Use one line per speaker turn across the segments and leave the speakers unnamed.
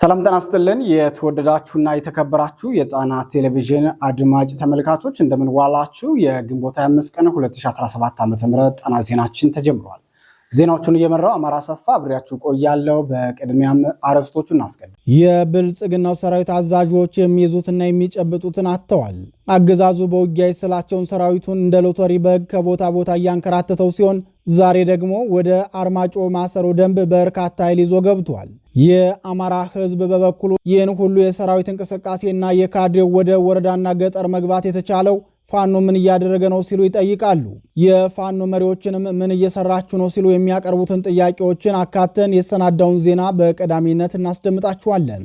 ሰላም ጤና ይስጥልን። የተወደዳችሁና የተከበራችሁ የጣና ቴሌቪዥን አድማጭ ተመልካቾች እንደምንዋላችሁ። የግንቦት 25 ቀን 2017 ዓ.ም ጣና ዜናችን ተጀምሯል። ዜናዎቹን እየመራው አማራ ሰፋ አብሬያችሁ ቆያለው በቅድሚያም አርዕስቶቹ እናስቀድም።
የብልጽግናው ሰራዊት አዛዦች የሚይዙትና የሚጨብጡትን አጥተዋል። አገዛዙ በውጊያ ስላቸውን ሰራዊቱን እንደ ሎተሪ በግ ከቦታ ቦታ እያንከራተተው ሲሆን ዛሬ ደግሞ ወደ አርማጮ ማሰሮ ደንብ በርካታ ኃይል ይዞ ገብቷል። የአማራ ሕዝብ በበኩሉ ይህን ሁሉ የሰራዊት እንቅስቃሴና የካድሬው ወደ ወረዳና ገጠር መግባት የተቻለው ፋኖ ምን እያደረገ ነው ሲሉ ይጠይቃሉ። የፋኖ መሪዎችንም ምን እየሰራችሁ ነው ሲሉ የሚያቀርቡትን ጥያቄዎችን አካተን የተሰናዳውን ዜና በቀዳሚነት እናስደምጣችኋለን።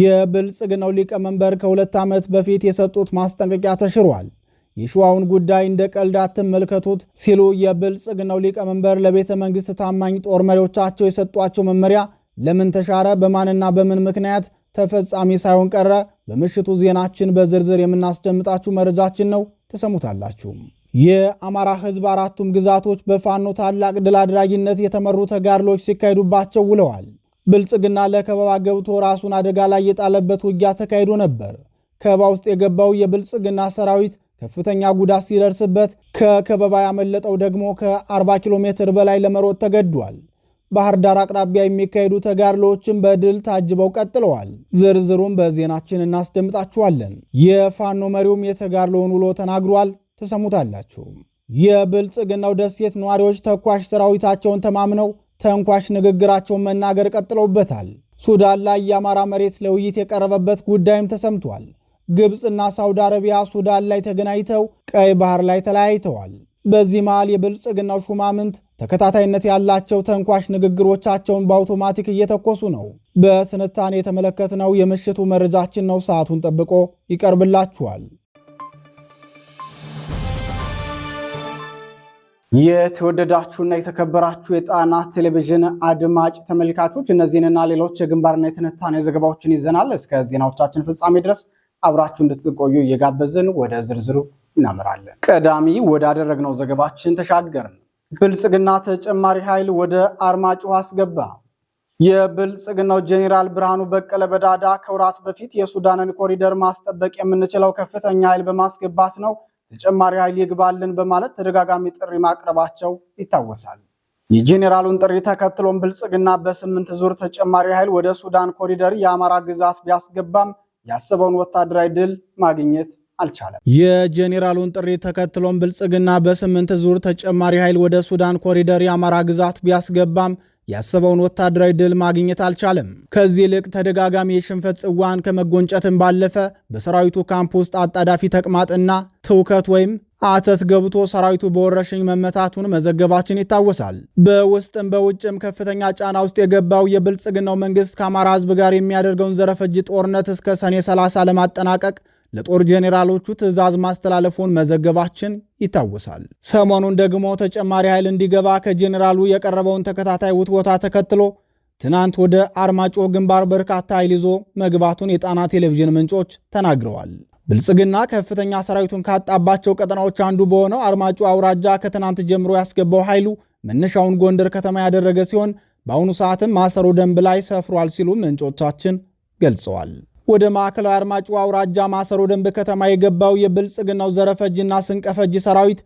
የብልጽግናው ሊቀመንበር ከሁለት ዓመት በፊት የሰጡት ማስጠንቀቂያ ተሽሯል። የሸዋውን ጉዳይ እንደ ቀልድ አትመልከቱት ሲሉ የብልጽግናው ሊቀመንበር ለቤተ መንግሥት ታማኝ ጦር መሪዎቻቸው የሰጧቸው መመሪያ ለምን ተሻረ፣ በማንና በምን ምክንያት ተፈጻሚ ሳይሆን ቀረ? በምሽቱ ዜናችን በዝርዝር የምናስደምጣችሁ መረጃችን ነው። ተሰሙታላችሁም። የአማራ ህዝብ አራቱም ግዛቶች በፋኖ ታላቅ ድል አድራጊነት የተመሩ ተጋድሎች ሲካሄዱባቸው ውለዋል። ብልጽግና ለከበባ ገብቶ ራሱን አደጋ ላይ የጣለበት ውጊያ ተካሂዶ ነበር። ከበባ ውስጥ የገባው የብልጽግና ሰራዊት ከፍተኛ ጉዳት ሲደርስበት፣ ከከበባ ያመለጠው ደግሞ ከ40 ኪሎ ሜትር በላይ ለመሮጥ ተገዷል። ባህር ዳር አቅራቢያ የሚካሄዱ ተጋድሎዎችን በድል ታጅበው ቀጥለዋል። ዝርዝሩን በዜናችን እናስደምጣችኋለን። የፋኖ መሪውም የተጋድሎውን ውሎ ተናግሯል። ተሰሙታላችሁ። የብልጽግናው ደሴት ነዋሪዎች ተኳሽ ሰራዊታቸውን ተማምነው ተንኳሽ ንግግራቸውን መናገር ቀጥለውበታል። ሱዳን ላይ የአማራ መሬት ለውይይት የቀረበበት ጉዳይም ተሰምቷል። ግብፅና ሳውዲ አረቢያ ሱዳን ላይ ተገናኝተው ቀይ ባህር ላይ ተለያይተዋል። በዚህ መሃል የብልጽግናው ሹማምንት ተከታታይነት ያላቸው ተንኳሽ ንግግሮቻቸውን በአውቶማቲክ እየተኮሱ ነው። በትንታኔ የተመለከትነው የምሽቱ መረጃችን ነው። ሰዓቱን ጠብቆ ይቀርብላችኋል። የተወደዳችሁና የተከበራችሁ የጣና ቴሌቪዥን አድማጭ ተመልካቾች፣ እነዚህንና ሌሎች የግንባርና የትንታኔ ዘገባዎችን ይዘናል። እስከ ዜናዎቻችን ፍጻሜ ድረስ አብራችሁ እንድትቆዩ እየጋበዝን ወደ ዝርዝሩ እናምራለን። ቀዳሚ ወዳደረግነው ዘገባችን ተሻገርን። ብልጽግና ተጨማሪ ኃይል ወደ አርማጭሆ አስገባ። የብልጽግናው ጄኔራል ብርሃኑ በቀለ በዳዳ ከውራት በፊት የሱዳንን ኮሪደር ማስጠበቅ የምንችለው ከፍተኛ ኃይል በማስገባት ነው፣ ተጨማሪ ኃይል ይግባልን በማለት ተደጋጋሚ ጥሪ ማቅረባቸው ይታወሳል። የጄኔራሉን ጥሪ ተከትሎም ብልጽግና በስምንት ዙር ተጨማሪ ኃይል ወደ ሱዳን ኮሪደር የአማራ ግዛት ቢያስገባም ያሰበውን ወታደራዊ ድል ማግኘት አልቻለም። የጄኔራሉን ጥሪ ተከትሎም ብልጽግና በስምንት ዙር ተጨማሪ ኃይል ወደ ሱዳን ኮሪደር የአማራ ግዛት ቢያስገባም ያሰበውን ወታደራዊ ድል ማግኘት አልቻለም። ከዚህ ይልቅ ተደጋጋሚ የሽንፈት ጽዋን ከመጎንጨትን ባለፈ በሰራዊቱ ካምፕ ውስጥ አጣዳፊ ተቅማጥና ትውከት ወይም አተት ገብቶ ሰራዊቱ በወረሽኝ መመታቱን መዘገባችን ይታወሳል። በውስጥም በውጭም ከፍተኛ ጫና ውስጥ የገባው የብልጽግናው መንግስት ከአማራ ህዝብ ጋር የሚያደርገውን ዘረፈጅ ጦርነት እስከ ሰኔ 30 ለማጠናቀቅ ለጦር ጄኔራሎቹ ትዕዛዝ ማስተላለፉን መዘገባችን ይታወሳል። ሰሞኑን ደግሞ ተጨማሪ ኃይል እንዲገባ ከጄኔራሉ የቀረበውን ተከታታይ ውትወታ ተከትሎ ትናንት ወደ አርማጮ ግንባር በርካታ ኃይል ይዞ መግባቱን የጣና ቴሌቪዥን ምንጮች ተናግረዋል። ብልጽግና ከፍተኛ ሰራዊቱን ካጣባቸው ቀጠናዎች አንዱ በሆነው አርማጮ አውራጃ ከትናንት ጀምሮ ያስገባው ኃይሉ መነሻውን ጎንደር ከተማ ያደረገ ሲሆን በአሁኑ ሰዓትም ማሰሮ ደንብ ላይ ሰፍሯል ሲሉ ምንጮቻችን ገልጸዋል። ወደ ማዕከላዊ አርማጭሆ አውራጃ ማሰሮ ደንብ ከተማ የገባው የብልጽግናው ዘረፈጅና ስንቀፈጅ ሰራዊት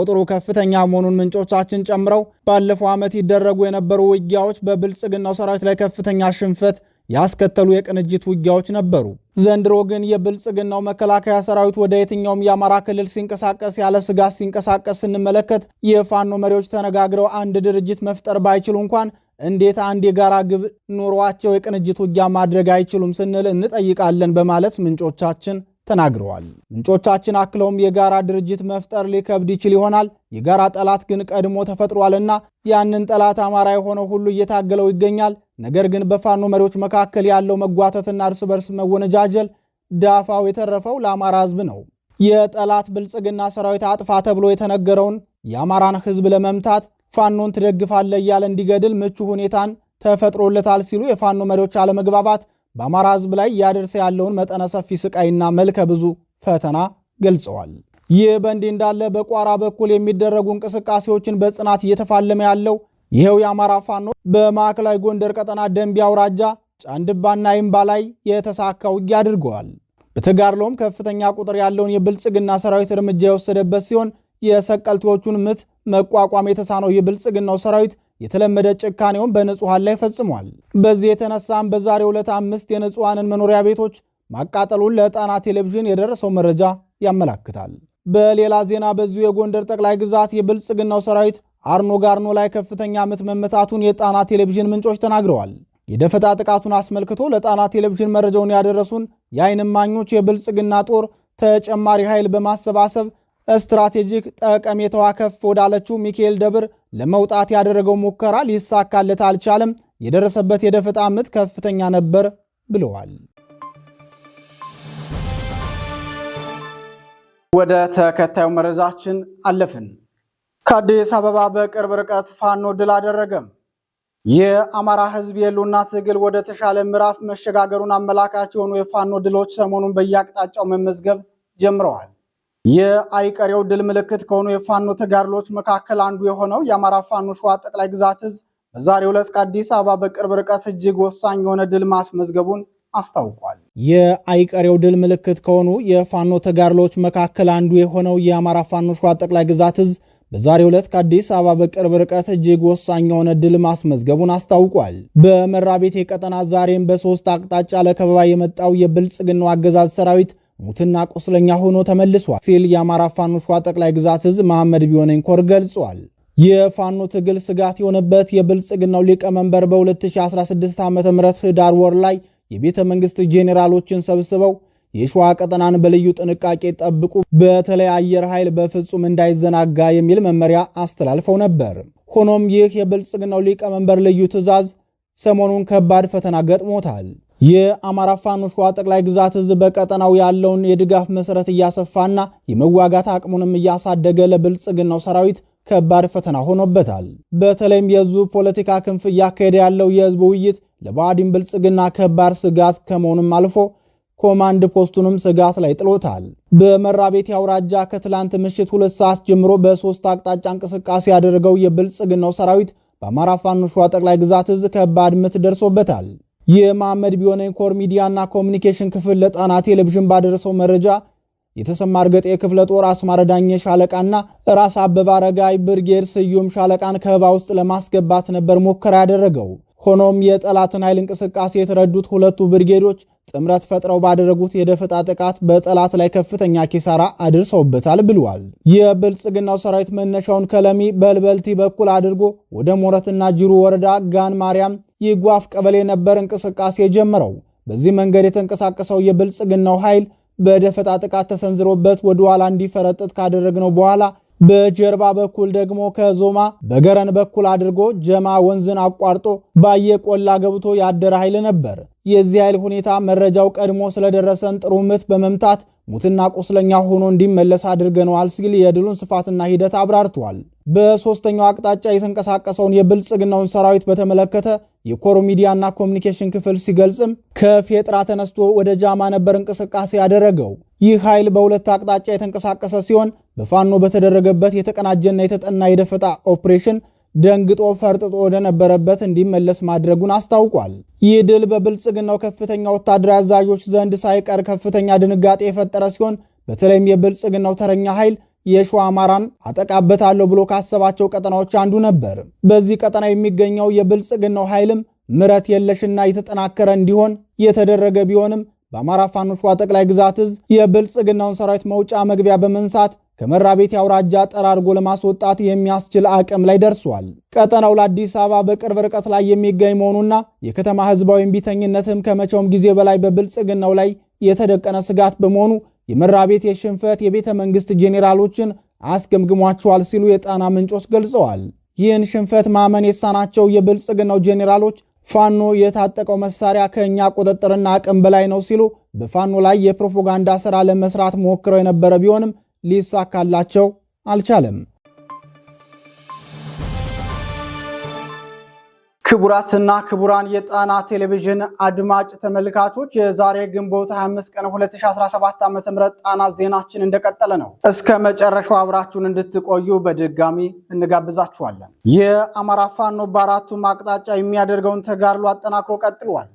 ቁጥሩ ከፍተኛ መሆኑን ምንጮቻችን ጨምረው ባለፈው ዓመት ይደረጉ የነበሩ ውጊያዎች በብልጽግናው ሰራዊት ላይ ከፍተኛ ሽንፈት ያስከተሉ የቅንጅት ውጊያዎች ነበሩ። ዘንድሮ ግን የብልጽግናው መከላከያ ሰራዊት ወደ የትኛውም የአማራ ክልል ሲንቀሳቀስ ያለ ስጋት ሲንቀሳቀስ ስንመለከት የፋኖ መሪዎች ተነጋግረው አንድ ድርጅት መፍጠር ባይችሉ እንኳን እንዴት አንድ የጋራ ግብ ኖሯቸው የቅንጅት ውጊያ ማድረግ አይችሉም ስንል እንጠይቃለን በማለት ምንጮቻችን ተናግረዋል። ምንጮቻችን አክለውም የጋራ ድርጅት መፍጠር ሊከብድ ይችል ይሆናል። የጋራ ጠላት ግን ቀድሞ ተፈጥሯልና ያንን ጠላት አማራ የሆነው ሁሉ እየታገለው ይገኛል። ነገር ግን በፋኖ መሪዎች መካከል ያለው መጓተትና እርስ በርስ መወነጃጀል ዳፋው የተረፈው ለአማራ ሕዝብ ነው። የጠላት ብልጽግና ሰራዊት አጥፋ ተብሎ የተነገረውን የአማራን ሕዝብ ለመምታት ፋኖን ትደግፋለ እያለ እንዲገድል ምቹ ሁኔታን ተፈጥሮለታል ሲሉ የፋኖ መሪዎች አለመግባባት በአማራ ሕዝብ ላይ እያደርሰ ያለውን መጠነ ሰፊ ስቃይና መልከ ብዙ ፈተና ገልጸዋል። ይህ በእንዲህ እንዳለ በቋራ በኩል የሚደረጉ እንቅስቃሴዎችን በጽናት እየተፋለመ ያለው ይኸው የአማራ ፋኖ በማዕከላዊ ጎንደር ቀጠና ደንቢ አውራጃ ጫንድባና ይምባ ላይ የተሳካ ውጊያ አድርገዋል። በተጋድሎም ከፍተኛ ቁጥር ያለውን የብልጽግና ሰራዊት እርምጃ የወሰደበት ሲሆን የሰቀልቴዎቹን ምት መቋቋም የተሳነው የብልጽግናው ሰራዊት የተለመደ ጭካኔውን በንጹሐን ላይ ፈጽሟል። በዚህ የተነሳም በዛሬው ዕለት አምስት የንጹሐንን መኖሪያ ቤቶች ማቃጠሉን ለጣና ቴሌቪዥን የደረሰው መረጃ ያመላክታል። በሌላ ዜና በዚሁ የጎንደር ጠቅላይ ግዛት የብልጽግናው ሰራዊት አርኖ ጋርኖ ላይ ከፍተኛ ምት መመታቱን የጣና ቴሌቪዥን ምንጮች ተናግረዋል። የደፈጣ ጥቃቱን አስመልክቶ ለጣና ቴሌቪዥን መረጃውን ያደረሱን የአይን እማኞች የብልጽግና ጦር ተጨማሪ ኃይል በማሰባሰብ ስትራቴጂክ ጠቀሜታዋ ከፍ ወዳለችው ሚካኤል ደብር ለመውጣት ያደረገው ሙከራ ሊሳካለት አልቻለም። የደረሰበት የደፈጣ ምት ከፍተኛ ነበር ብለዋል። ወደ ተከታዩ መረጃችን አለፍን። ከአዲስ አበባ በቅርብ ርቀት ፋኖ ድል አደረገም። የአማራ ሕዝብ የህልውና ትግል ወደ ተሻለ ምዕራፍ መሸጋገሩን አመላካች የሆኑ የፋኖ ድሎች ሰሞኑን በየአቅጣጫው መመዝገብ ጀምረዋል። የአይቀሬው ድል ምልክት ከሆኑ የፋኖ ተጋድሎች መካከል አንዱ የሆነው የአማራ ፋኖ ሸዋ ጠቅላይ ግዛት እዝ በዛሬው ዕለት ከአዲስ አበባ በቅርብ ርቀት እጅግ ወሳኝ የሆነ ድል ማስመዝገቡን አስታውቋል። የአይቀሬው ድል ምልክት ከሆኑ የፋኖ ተጋድሎች መካከል አንዱ የሆነው የአማራ ፋኖ ሸዋ ጠቅላይ ግዛት እዝ በዛሬው ዕለት ከአዲስ አበባ በቅርብ ርቀት እጅግ ወሳኝ የሆነ ድል ማስመዝገቡን አስታውቋል። በመራቤቴ ቀጠና ዛሬም በሶስት አቅጣጫ ለከበባ የመጣው የብልጽግናው አገዛዝ ሰራዊት ሙትና ቁስለኛ ሆኖ ተመልሷል ሲል የአማራ ፋኖ ሸዋ ጠቅላይ ግዛት እዝ መሐመድ ቢሆነኝ ኮር ገልጿል። የፋኖ ትግል ስጋት የሆነበት የብልጽግናው ሊቀመንበር በ2016 ዓ ም ህዳር ወር ላይ የቤተ መንግሥት ጄኔራሎችን ሰብስበው የሸዋ ቀጠናን በልዩ ጥንቃቄ ጠብቁ፣ በተለይ አየር ኃይል በፍጹም እንዳይዘናጋ የሚል መመሪያ አስተላልፈው ነበር። ሆኖም ይህ የብልጽግናው ሊቀመንበር ልዩ ትዕዛዝ ሰሞኑን ከባድ ፈተና ገጥሞታል። የአማራ ፋኖ ሸዋ ጠቅላይ ግዛት ህዝብ በቀጠናው ያለውን የድጋፍ መሰረት እያሰፋና የመዋጋት አቅሙንም እያሳደገ ለብልጽግናው ሰራዊት ከባድ ፈተና ሆኖበታል። በተለይም የህዝቡ ፖለቲካ ክንፍ እያካሄደ ያለው የህዝብ ውይይት ለባዕዲን ብልጽግና ከባድ ስጋት ከመሆኑም አልፎ ኮማንድ ፖስቱንም ስጋት ላይ ጥሎታል። በመራቤቴ አውራጃ ከትላንት ምሽት ሁለት ሰዓት ጀምሮ በሶስት አቅጣጫ እንቅስቃሴ ያደረገው የብልጽግናው ሰራዊት በአማራ ፋኖ ሸዋ ጠቅላይ ግዛት እዝ ከባድ ምት ደርሶበታል። የመሐመድ ቢሆነኝ ኮር ሚዲያና ኮሚኒኬሽን ክፍል ለጣና ቴሌቪዥን ባደረሰው መረጃ የተሰማ እርገጤ ክፍለ ጦር አስማረ ዳኘ ሻለቃና ራስ አበበ አረጋይ ብርጌድ ስዩም ሻለቃን ከበባ ውስጥ ለማስገባት ነበር ሙከራ ያደረገው። ሆኖም የጠላትን ኃይል እንቅስቃሴ የተረዱት ሁለቱ ብርጌዶች ጥምረት ፈጥረው ባደረጉት የደፈጣ ጥቃት በጠላት ላይ ከፍተኛ ኪሳራ አድርሰውበታል ብለዋል። የብልጽግናው ሰራዊት መነሻውን ከለሚ በልበልቲ በኩል አድርጎ ወደ ሞረትና ጅሩ ወረዳ ጋን ማርያም ይጓፍ ቀበሌ ነበር እንቅስቃሴ የጀመረው። በዚህ መንገድ የተንቀሳቀሰው የብልጽግናው ኃይል በደፈጣ ጥቃት ተሰንዝሮበት ወደ ኋላ እንዲፈረጥጥ ካደረግነው በኋላ በጀርባ በኩል ደግሞ ከዞማ በገረን በኩል አድርጎ ጀማ ወንዝን አቋርጦ ባየ ቆላ ገብቶ ያደረ ኃይል ነበር። የዚህ ኃይል ሁኔታ መረጃው ቀድሞ ስለደረሰን ጥሩ ምት በመምታት ሙትና ቁስለኛ ሆኖ እንዲመለስ አድርገነዋል ሲል የድሉን ስፋትና ሂደት አብራርተዋል። በሶስተኛው አቅጣጫ የተንቀሳቀሰውን የብልጽግናውን ሰራዊት በተመለከተ የኮሮ ሚዲያና ኮሚኒኬሽን ክፍል ሲገልጽም ከፌጥራ ተነስቶ ወደ ጃማ ነበር እንቅስቃሴ ያደረገው። ይህ ኃይል በሁለት አቅጣጫ የተንቀሳቀሰ ሲሆን በፋኖ በተደረገበት የተቀናጀና የተጠና የደፈጣ ኦፕሬሽን ደንግጦ ፈርጥጦ ወደነበረበት እንዲመለስ ማድረጉን አስታውቋል። ይህ ድል በብልጽግናው ከፍተኛ ወታደራዊ አዛዦች ዘንድ ሳይቀር ከፍተኛ ድንጋጤ የፈጠረ ሲሆን በተለይም የብልጽግናው ተረኛ ኃይል የሸዋ አማራን አጠቃበታለሁ ብሎ ካሰባቸው ቀጠናዎች አንዱ ነበር። በዚህ ቀጠና የሚገኘው የብልጽግናው ኃይልም ምረት የለሽና የተጠናከረ እንዲሆን የተደረገ ቢሆንም በአማራ ፋኖ ሸዋ ጠቅላይ ግዛት እዝ የብልጽግናውን ሰራዊት መውጫ መግቢያ በመንሳት ከመራቤቴ አውራጃ ጠራርጎ ለማስወጣት የሚያስችል አቅም ላይ ደርሷል። ቀጠናው ለአዲስ አበባ በቅርብ ርቀት ላይ የሚገኝ መሆኑና የከተማ ህዝባዊ እምቢተኝነትም ከመቼውም ጊዜ በላይ በብልጽግናው ላይ የተደቀነ ስጋት በመሆኑ የመራቤቴ ሽንፈት የቤተ መንግስት ጄኔራሎችን አስገምግሟቸዋል ሲሉ የጣና ምንጮች ገልጸዋል። ይህን ሽንፈት ማመን የሳናቸው የብልጽግናው ጄኔራሎች ፋኖ የታጠቀው መሳሪያ ከእኛ ቁጥጥርና አቅም በላይ ነው ሲሉ በፋኖ ላይ የፕሮፓጋንዳ ስራ ለመስራት ሞክረው የነበረ ቢሆንም ሊሳካላቸው አልቻለም። ክቡራትና ክቡራን የጣና ቴሌቪዥን አድማጭ ተመልካቾች የዛሬ ግንቦት 25 ቀን 2017 ዓ.ም ጣና ዜናችን እንደቀጠለ ነው። እስከ መጨረሻው አብራችሁን እንድትቆዩ በድጋሚ እንጋብዛችኋለን። የአማራ ፋኖ በአራቱም አቅጣጫ የሚያደርገውን ተጋድሎ አጠናክሮ ቀጥሏል።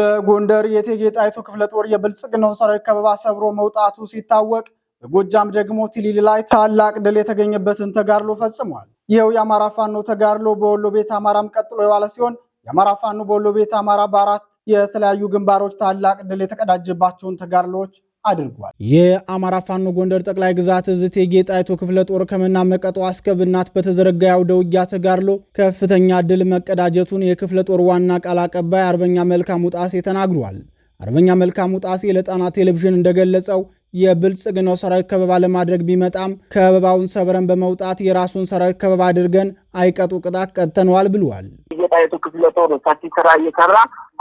በጎንደር የእቴጌ ጣይቱ ክፍለ ጦር የብልጽግናውን ሰራዊት ከበባ ሰብሮ መውጣቱ ሲታወቅ በጎጃም ደግሞ ቲሊሊ ላይ ታላቅ ድል የተገኘበትን ተጋድሎ ፈጽሟል። ይኸው የአማራ ፋኖ ተጋድሎ በወሎ ቤት አማራም ቀጥሎ የዋለ ሲሆን የአማራ ፋኖ በወሎ ቤት አማራ በአራት የተለያዩ ግንባሮች ታላቅ ድል የተቀዳጀባቸውን ተጋድሎዎች አድርጓል። የአማራ ፋኖ ጎንደር ጠቅላይ ግዛት እዝ እቴጌ ጣይቱ ክፍለ ጦር ከመና መቀጦ አስከብናት በተዘረጋ አውደ ውጊያ ተጋድሎ ከፍተኛ ድል መቀዳጀቱን የክፍለ ጦር ዋና ቃል አቀባይ አርበኛ መልካሙ ጣሴ ተናግሯል። አርበኛ መልካሙ ጣሴ ለጣና ቴሌቪዥን እንደገለጸው የብልጽግናው ሰራዊት ከበባ ለማድረግ ቢመጣም ከበባውን ሰብረን በመውጣት የራሱን ሰራዊት ከበባ አድርገን አይቀጡ ቅጣት ቀጥተነዋል ብለዋል። የጣይቱ ክፍለ ጦር ሰፊ ስራ እየሰራ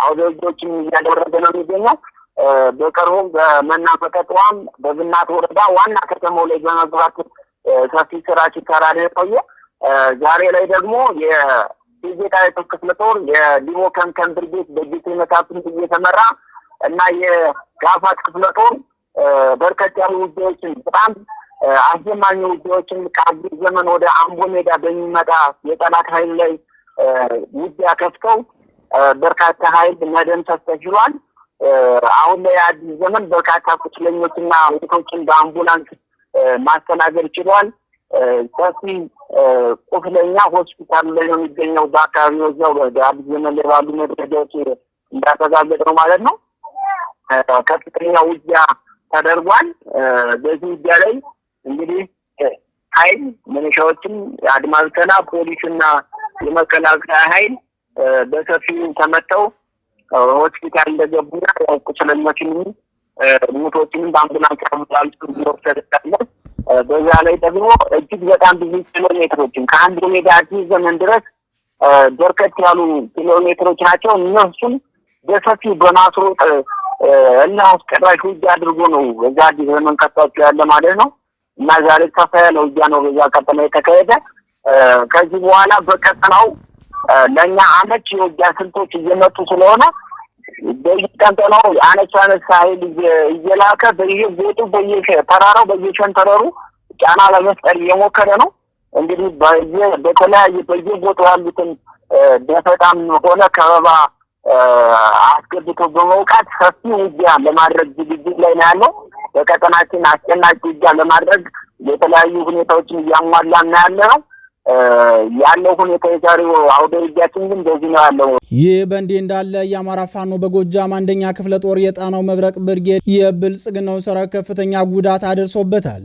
አውደ ውጊያዎችን እያደረገ ነው የሚገኘው። በቅርቡም በመናፈቀጠዋም በዝናት ወረዳ ዋና ከተማው ላይ በመግባት ሰፊ ስራ ሲሰራ ነው የቆየ። ዛሬ ላይ ደግሞ የጌጣዊቱ ክፍለ ጦር የዲሞ ከንከን ብርጌት በጌት መሳፍንት እየተመራ እና የጋፋት ክፍለ ጦር በርከት ያሉ ውጊያዎችን በጣም አስጀማኝ ውጊያዎችን ከአዲስ ዘመን ወደ አምቦ ሜዳ በሚመጣ የጠላት ኃይል ላይ ውጊያ ከፍተው በርካታ ኃይል መደምሰስ ተችሏል። አሁን ላይ አዲስ ዘመን በርካታ ቁስለኞችና ሙቶችን በአምቡላንስ ማስተናገድ ችሏል። ሰፊ ቁስለኛ ሆስፒታሉ ላይ ነው የሚገኘው። በአካባቢው እዚያው አዲስ ዘመን ላይ ባሉ መረጃዎች እንዳረጋገጥነው ማለት ነው። ከፍተኛ ውጊያ ተደርጓል። በዚህ ውጊያ ላይ እንግዲህ ኃይል መነሻዎችን አድማብተና ፖሊስና የመከላከያ ኃይል በሰፊው ተመተው ሆስፒታል እንደገቡና ቁስለኞችንም ሙቶችንም በአምቡላንስ አምቡላንስ ወሰደለ። በዛ ላይ ደግሞ እጅግ በጣም ብዙ ኪሎ ሜትሮችን ከአንድ ሜዳ አዲስ ዘመን ድረስ በርከት ያሉ ኪሎ ሜትሮች ናቸው። እነሱም በሰፊው በማስሮጥ እና አስቀራሽ ውጊያ አድርጎ ነው በዛ አዲስ ዘመን ከቷቸው ያለ ማለት ነው። እና ዛሬ ከፋ ያለ ውጊያ ነው በዛ ቀጠና የተካሄደ። ከዚህ በኋላ በቀጠናው ለእኛ አመች የውጊያ ስልቶች እየመጡ ስለሆነ በየቀጠናው አነች አነች ኃይል እየላከ ተራራው በየተራራው በየሸንተረሩ ጫና ለመፍጠር እየሞከረ ነው። እንግዲህ በየ በተለያየ በየ በየቦጡ ያሉትን ደፈጣም ሆነ ከበባ አስገብቶ በመውቃት ሰፊ ውጊያ ለማድረግ ዝግጅት ላይ ነው ያለው። በቀጠናችን አስጨናቂ ውጊያ ለማድረግ የተለያዩ ሁኔታዎችን እያሟላ ና ያለ ነው ያለው ሁኔታ የዛሬው አውደ ውጊያችን ግን በዚህ ነው ያለው። ይህ በእንዲህ እንዳለ የአማራ ፋኖ በጎጃም አንደኛ ክፍለ ጦር የጣናው መብረቅ ብርጌድ የብልጽግናው ሰራዊት ከፍተኛ ጉዳት አድርሶበታል።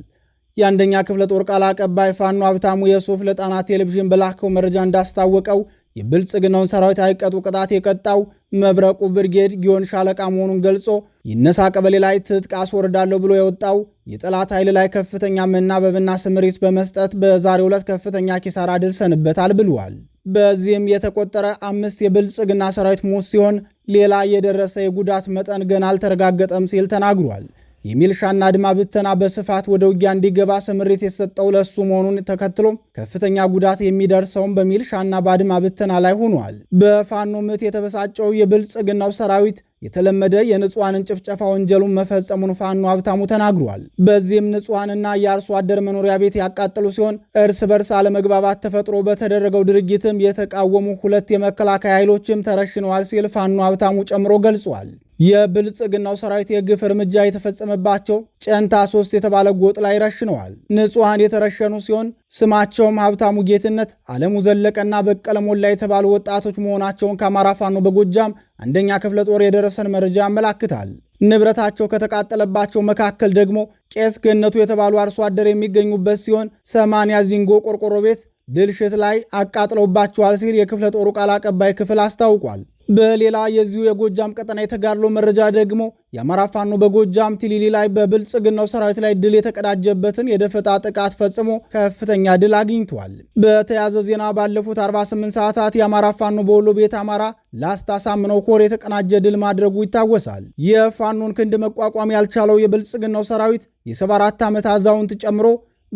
የአንደኛ ክፍለ ጦር ቃል አቀባይ ፋኖ ሀብታሙ የሱፍ ለጣና ቴሌቪዥን በላከው መረጃ እንዳስታወቀው የብልጽግናውን ሰራዊት አይቀጡ ቅጣት የቀጣው መብረቁ ብርጌድ ጊዮን ሻለቃ መሆኑን ገልጾ ይነሳ ቀበሌ ላይ ትጥቅ አስወርዳለሁ ብሎ የወጣው የጠላት ኃይል ላይ ከፍተኛ መናበብና ስምሪት በመስጠት በዛሬ ዕለት ከፍተኛ ኪሳራ አድርሰንበታል ብለዋል። በዚህም የተቆጠረ አምስት የብልጽግና ሰራዊት ሞት ሲሆን ሌላ የደረሰ የጉዳት መጠን ገና አልተረጋገጠም ሲል ተናግሯል። የሚልሻና አድማ ብተና በስፋት ወደ ውጊያ እንዲገባ ስምሪት የሰጠው ለሱ መሆኑን ተከትሎ ከፍተኛ ጉዳት የሚደርሰውን በሚልሻና በአድማ ብተና ላይ ሆኗል። በፋኖ ምት የተበሳጨው የብልጽግናው ሰራዊት የተለመደ የንጹሐንን ጭፍጨፋ ወንጀሉን መፈጸሙን ፋኖ ሀብታሙ ተናግሯል። በዚህም ንጹሐንና የአርሶ አደር መኖሪያ ቤት ያቃጠሉ ሲሆን እርስ በርስ አለመግባባት ተፈጥሮ በተደረገው ድርጊትም የተቃወሙ ሁለት የመከላከያ ኃይሎችም ተረሽነዋል ሲል ፋኖ ሀብታሙ ጨምሮ ገልጿል። የብልጽግናው ሰራዊት የግፍ እርምጃ የተፈጸመባቸው ጨንታ ሶስት የተባለ ጎጥ ላይ ረሽነዋል። ንጹሐን የተረሸኑ ሲሆን ስማቸውም ሀብታሙ ጌትነት፣ አለሙ ዘለቀና በቀለ ሞላ የተባሉ ወጣቶች መሆናቸውን ከአማራ ፋኖ በጎጃም አንደኛ ክፍለ ጦር የደረሰን መረጃ ያመላክታል። ንብረታቸው ከተቃጠለባቸው መካከል ደግሞ ቄስ ገነቱ የተባሉ አርሶ አደር የሚገኙበት ሲሆን ሰማንያ ዚንጎ ቆርቆሮ ቤት ድልሽት ላይ አቃጥለውባቸዋል ሲል የክፍለ ጦሩ ቃል አቀባይ ክፍል አስታውቋል። በሌላ የዚሁ የጎጃም ቀጠና የተጋድሎ መረጃ ደግሞ የአማራ ፋኖ በጎጃም ቲሊሊ ላይ በብልጽግናው ሰራዊት ላይ ድል የተቀዳጀበትን የደፈጣ ጥቃት ፈጽሞ ከፍተኛ ድል አግኝቷል። በተያዘ ዜና ባለፉት 48 ሰዓታት የአማራ ፋኖ በወሎ ቤት አማራ ላስታ ሳምነው ኮር የተቀናጀ ድል ማድረጉ ይታወሳል። የፋኖን ክንድ መቋቋም ያልቻለው የብልጽግናው ሰራዊት የ74 ዓመት አዛውንት ጨምሮ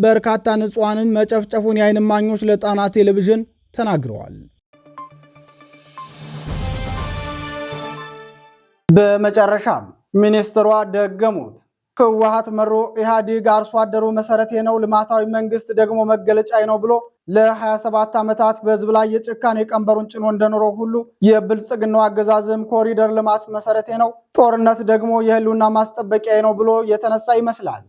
በርካታ ንጹሐንን መጨፍጨፉን የአይን እማኞች ለጣና ቴሌቪዥን ተናግረዋል። በመጨረሻም ሚኒስትሯ ደገሙት። ህወሓት መሮ ኢህአዴግ አርሶ አደሩ መሰረቴ ነው፣ ልማታዊ መንግስት ደግሞ መገለጫዬ ነው ብሎ ለ27 ዓመታት በህዝብ ላይ የጭካኔ ቀንበሩን ጭኖ እንደኖረው ሁሉ የብልጽግናው አገዛዝም ኮሪደር ልማት መሰረቴ ነው፣ ጦርነት ደግሞ የህልውና ማስጠበቂያ ነው ብሎ የተነሳ ይመስላል።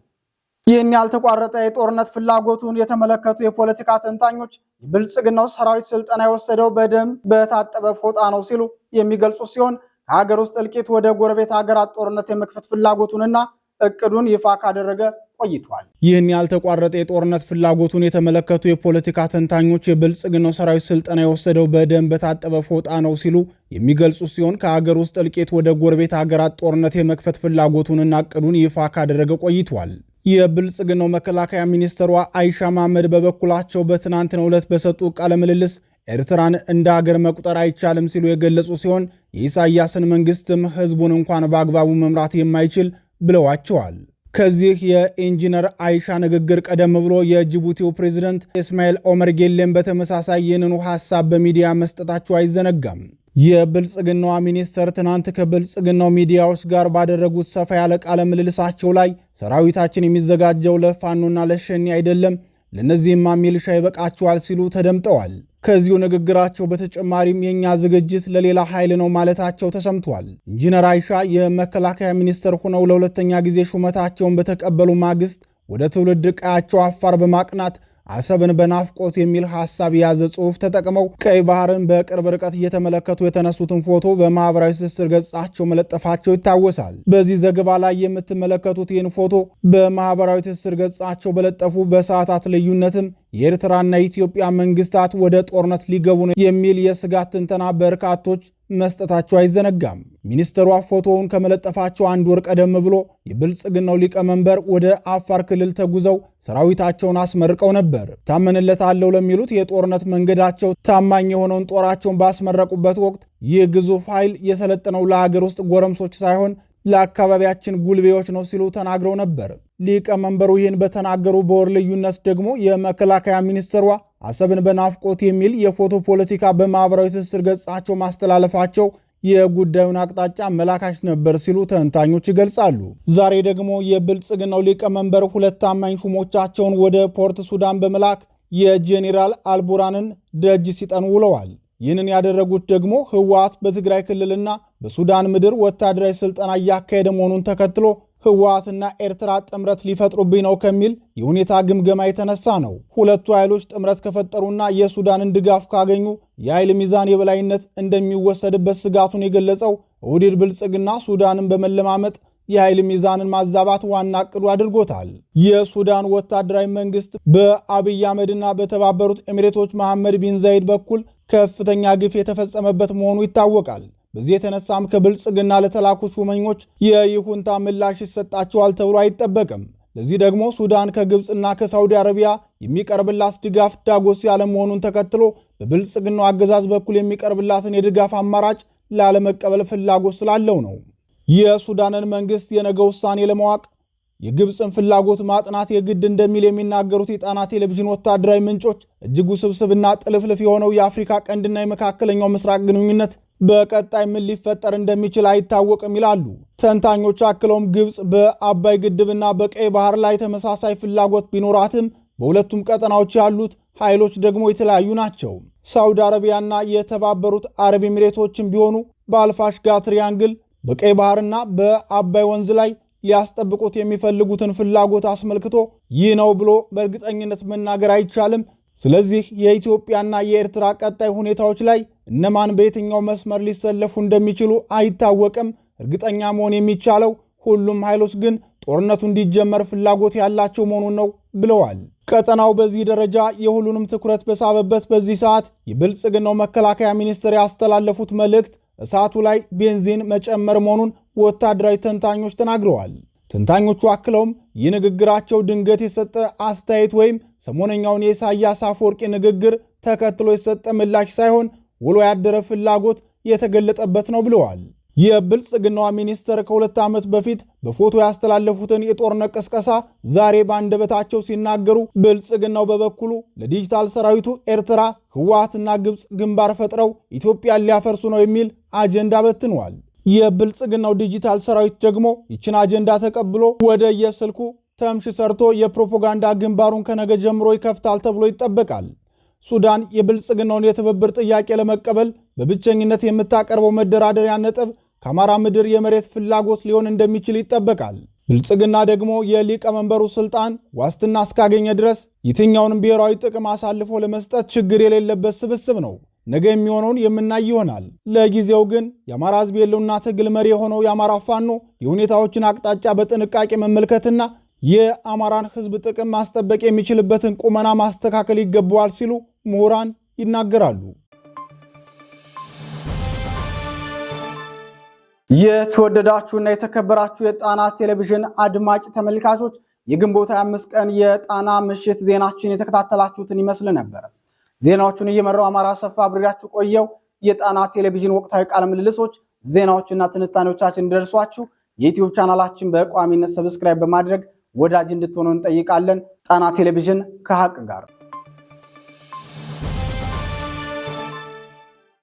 ይህን ያልተቋረጠ የጦርነት ፍላጎቱን የተመለከቱ የፖለቲካ ተንታኞች የብልጽግናው ሰራዊት ስልጠና የወሰደው በደም በታጠበ ፎጣ ነው ሲሉ የሚገልጹ ሲሆን ከሀገር ውስጥ እልቂት ወደ ጎረቤት ሀገራት ጦርነት የመክፈት ፍላጎቱንና እቅዱን ይፋ ካደረገ ቆይቷል። ይህን ያልተቋረጠ የጦርነት ፍላጎቱን የተመለከቱ የፖለቲካ ተንታኞች የብልጽግናው ሰራዊት ስልጠና የወሰደው በደንብ በታጠበ ፎጣ ነው ሲሉ የሚገልጹ ሲሆን ከሀገር ውስጥ እልቂት ወደ ጎረቤት ሀገራት ጦርነት የመክፈት ፍላጎቱንና እቅዱን ይፋ ካደረገ ቆይቷል። የብልጽግናው መከላከያ ሚኒስትሯ አይሻ ማመድ በበኩላቸው በትናንትናው ዕለት በሰጡ ቃለ ምልልስ ኤርትራን እንደ አገር መቁጠር አይቻልም ሲሉ የገለጹ ሲሆን የኢሳያስን መንግስትም ህዝቡን እንኳን በአግባቡ መምራት የማይችል ብለዋቸዋል። ከዚህ የኢንጂነር አይሻ ንግግር ቀደም ብሎ የጅቡቲው ፕሬዝደንት ኢስማኤል ኦመር ጌሌም በተመሳሳይ ይህንኑ ሐሳብ በሚዲያ መስጠታቸው አይዘነጋም። የብልጽግናዋ ሚኒስተር ትናንት ከብልጽግናው ሚዲያዎች ጋር ባደረጉት ሰፋ ያለ ቃለ ምልልሳቸው ላይ ሰራዊታችን የሚዘጋጀው ለፋኖና ለሸኒ አይደለም ለእነዚህማ ሚልሻ ይበቃቸዋል ሲሉ ተደምጠዋል። ከዚሁ ንግግራቸው በተጨማሪም የእኛ ዝግጅት ለሌላ ኃይል ነው ማለታቸው ተሰምቷል። ኢንጂነር አይሻ የመከላከያ ሚኒስትር ሆነው ለሁለተኛ ጊዜ ሹመታቸውን በተቀበሉ ማግስት ወደ ትውልድ ቀያቸው አፋር በማቅናት አሰብን በናፍቆት የሚል ሀሳብ የያዘ ጽሑፍ ተጠቅመው ቀይ ባህርን በቅርብ ርቀት እየተመለከቱ የተነሱትን ፎቶ በማህበራዊ ትስስር ገጻቸው መለጠፋቸው ይታወሳል። በዚህ ዘገባ ላይ የምትመለከቱት ይህን ፎቶ በማህበራዊ ትስስር ገጻቸው በለጠፉ በሰዓታት ልዩነትም የኤርትራና የኢትዮጵያ መንግስታት ወደ ጦርነት ሊገቡ ነው የሚል የስጋት ትንተና በርካቶች መስጠታቸው አይዘነጋም። ሚኒስትሯ ፎቶውን ከመለጠፋቸው አንድ ወር ቀደም ብሎ የብልጽግናው ሊቀመንበር ወደ አፋር ክልል ተጉዘው ሰራዊታቸውን አስመርቀው ነበር። ታመንለታለሁ ለሚሉት የጦርነት መንገዳቸው ታማኝ የሆነውን ጦራቸውን ባስመረቁበት ወቅት ይህ ግዙፍ ኃይል የሰለጠነው ለሀገር ውስጥ ጎረምሶች ሳይሆን ለአካባቢያችን ጉልቤዎች ነው ሲሉ ተናግረው ነበር። ሊቀመንበሩ ይህን በተናገሩ በወር ልዩነት ደግሞ የመከላከያ ሚኒስትሯ አሰብን በናፍቆት የሚል የፎቶ ፖለቲካ በማኅበራዊ ትስስር ገጻቸው ማስተላለፋቸው የጉዳዩን አቅጣጫ መላካሽ ነበር ሲሉ ተንታኞች ይገልጻሉ። ዛሬ ደግሞ የብልጽግናው ሊቀመንበር ሁለት ታማኝ ሹሞቻቸውን ወደ ፖርት ሱዳን በመላክ የጄኔራል አልቡራንን ደጅ ሲጠኑ ውለዋል። ይህንን ያደረጉት ደግሞ ህወሓት በትግራይ ክልልና በሱዳን ምድር ወታደራዊ ስልጠና እያካሄደ መሆኑን ተከትሎ ህወሓትና ኤርትራ ጥምረት ሊፈጥሩብኝ ነው ከሚል የሁኔታ ግምገማ የተነሳ ነው። ሁለቱ ኃይሎች ጥምረት ከፈጠሩና የሱዳንን ድጋፍ ካገኙ የኃይል ሚዛን የበላይነት እንደሚወሰድበት ስጋቱን የገለጸው ውድድ ብልጽግና ሱዳንን በመለማመጥ የኃይል ሚዛንን ማዛባት ዋና እቅዱ አድርጎታል። የሱዳን ወታደራዊ መንግስት በአብይ አህመድና በተባበሩት ኤሚሬቶች መሐመድ ቢን ዛይድ በኩል ከፍተኛ ግፍ የተፈጸመበት መሆኑ ይታወቃል። በዚህ የተነሳም ከብልጽግና ለተላኩ ሹመኞች የይሁንታ ምላሽ ይሰጣቸዋል ተብሎ አይጠበቅም። ለዚህ ደግሞ ሱዳን ከግብፅና ከሳውዲ አረቢያ የሚቀርብላት ድጋፍ ዳጎስ ያለ መሆኑን ተከትሎ በብልጽግናው አገዛዝ በኩል የሚቀርብላትን የድጋፍ አማራጭ ላለመቀበል ፍላጎት ስላለው ነው። የሱዳንን መንግስት የነገ ውሳኔ ለማወቅ የግብፅን ፍላጎት ማጥናት የግድ እንደሚል የሚናገሩት የጣና ቴሌቪዥን ወታደራዊ ምንጮች እጅግ ውስብስብና ጥልፍልፍ የሆነው የአፍሪካ ቀንድና የመካከለኛው ምስራቅ ግንኙነት በቀጣይ ምን ሊፈጠር እንደሚችል አይታወቅም ይላሉ ተንታኞች። አክለውም ግብፅ በአባይ ግድብና በቀይ ባህር ላይ ተመሳሳይ ፍላጎት ቢኖራትም በሁለቱም ቀጠናዎች ያሉት ኃይሎች ደግሞ የተለያዩ ናቸው። ሳውዲ አረቢያና የተባበሩት አረብ ኤሚሬቶችም ቢሆኑ በአልፋሽጋ ትሪያንግል በቀይ ባህርና በአባይ ወንዝ ላይ ሊያስጠብቁት የሚፈልጉትን ፍላጎት አስመልክቶ ይህ ነው ብሎ በእርግጠኝነት መናገር አይቻልም። ስለዚህ የኢትዮጵያና የኤርትራ ቀጣይ ሁኔታዎች ላይ እነማን በየትኛው መስመር ሊሰለፉ እንደሚችሉ አይታወቅም። እርግጠኛ መሆን የሚቻለው ሁሉም ኃይሎች ግን ጦርነቱ እንዲጀመር ፍላጎት ያላቸው መሆኑን ነው ብለዋል። ቀጠናው በዚህ ደረጃ የሁሉንም ትኩረት በሳበበት በዚህ ሰዓት የብልጽግናው መከላከያ ሚኒስትር ያስተላለፉት መልእክት እሳቱ ላይ ቤንዚን መጨመር መሆኑን ወታደራዊ ተንታኞች ተናግረዋል። ተንታኞቹ አክለውም ይህ ንግግራቸው ድንገት የሰጠ አስተያየት ወይም ሰሞነኛውን የኢሳያስ አፈወርቂ ንግግር ተከትሎ የሰጠ ምላሽ ሳይሆን ውሎ ያደረ ፍላጎት የተገለጠበት ነው ብለዋል። የብልጽግናዋ ሚኒስተር ከሁለት ዓመት በፊት በፎቶ ያስተላለፉትን የጦርነት ቅስቀሳ ዛሬ በአንደበታቸው ሲናገሩ፣ ብልጽግናው በበኩሉ ለዲጂታል ሰራዊቱ ኤርትራ፣ ህወሓትና ግብፅ ግንባር ፈጥረው ኢትዮጵያን ሊያፈርሱ ነው የሚል አጀንዳ በትነዋል። የብልጽግናው ዲጂታል ሰራዊት ደግሞ ይችን አጀንዳ ተቀብሎ ወደ የስልኩ ተምሽ ሰርቶ የፕሮፓጋንዳ ግንባሩን ከነገ ጀምሮ ይከፍታል ተብሎ ይጠበቃል። ሱዳን የብልጽግናውን የትብብር ጥያቄ ለመቀበል በብቸኝነት የምታቀርበው መደራደሪያ ነጥብ ከአማራ ምድር የመሬት ፍላጎት ሊሆን እንደሚችል ይጠበቃል። ብልጽግና ደግሞ የሊቀመንበሩ ስልጣን ዋስትና እስካገኘ ድረስ የትኛውንም ብሔራዊ ጥቅም አሳልፎ ለመስጠት ችግር የሌለበት ስብስብ ነው። ነገ የሚሆነውን የምናይ ይሆናል። ለጊዜው ግን የአማራ ሕዝብ የለውና ትግል መሪ የሆነው የአማራ ፋኖ የሁኔታዎችን አቅጣጫ በጥንቃቄ መመልከትና የአማራን ሕዝብ ጥቅም ማስጠበቅ የሚችልበትን ቁመና ማስተካከል ይገባዋል ሲሉ ምሁራን ይናገራሉ። የተወደዳችሁና የተከበራችሁ የጣና ቴሌቪዥን አድማጭ ተመልካቾች የግንቦት 25 ቀን የጣና ምሽት ዜናችን የተከታተላችሁትን ይመስል ነበር። ዜናዎቹን እየመራው አማራ ሰፋ አብሬያችሁ ቆየው። የጣና ቴሌቪዥን ወቅታዊ ቃለ ምልልሶች፣ ዜናዎችና ትንታኔዎቻችን እንዲደርሷችሁ የዩትዩብ ቻናላችን በቋሚነት ሰብስክራይብ በማድረግ ወዳጅ እንድትሆኑ እንጠይቃለን። ጣና ቴሌቪዥን ከሀቅ ጋር